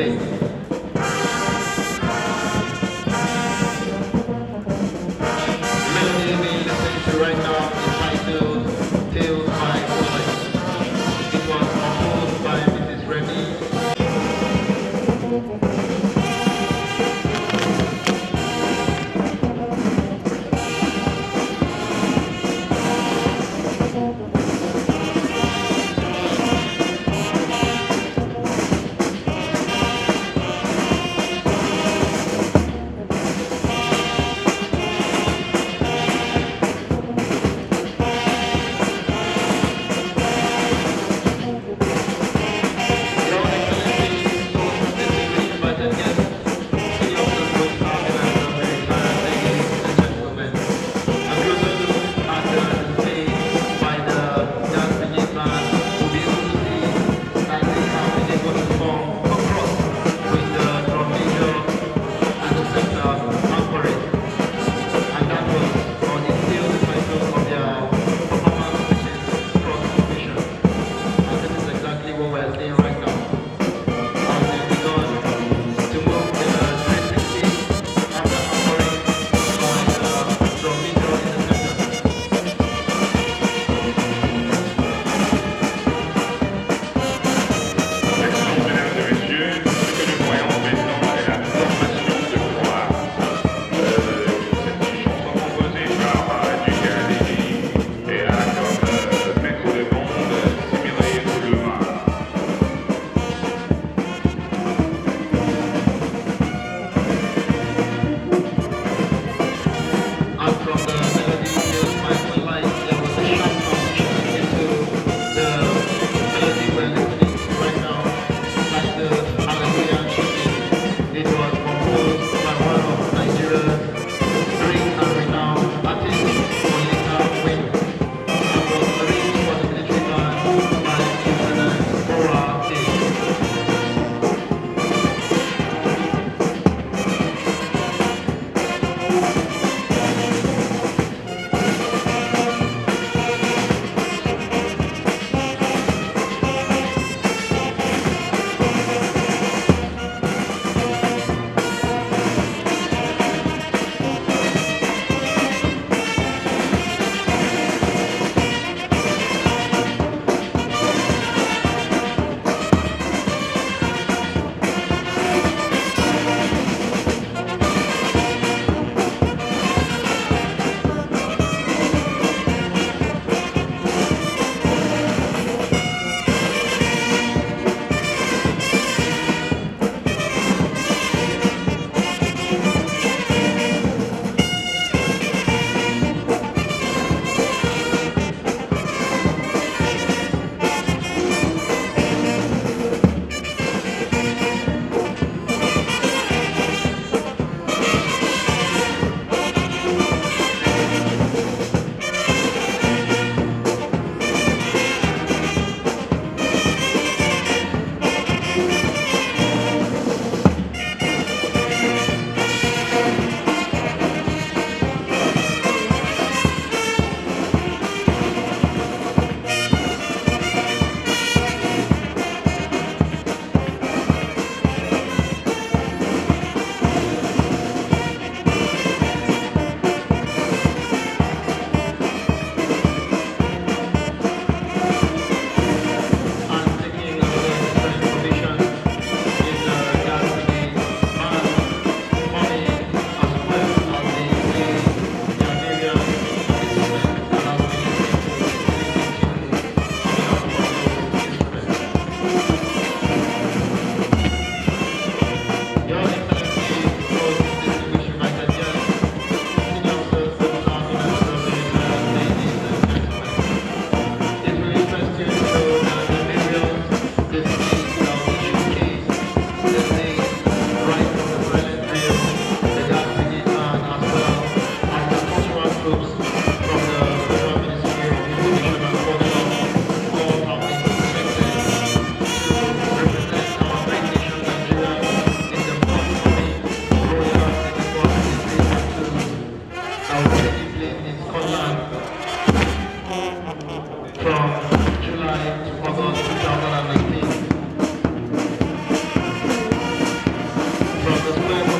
Thank you. the third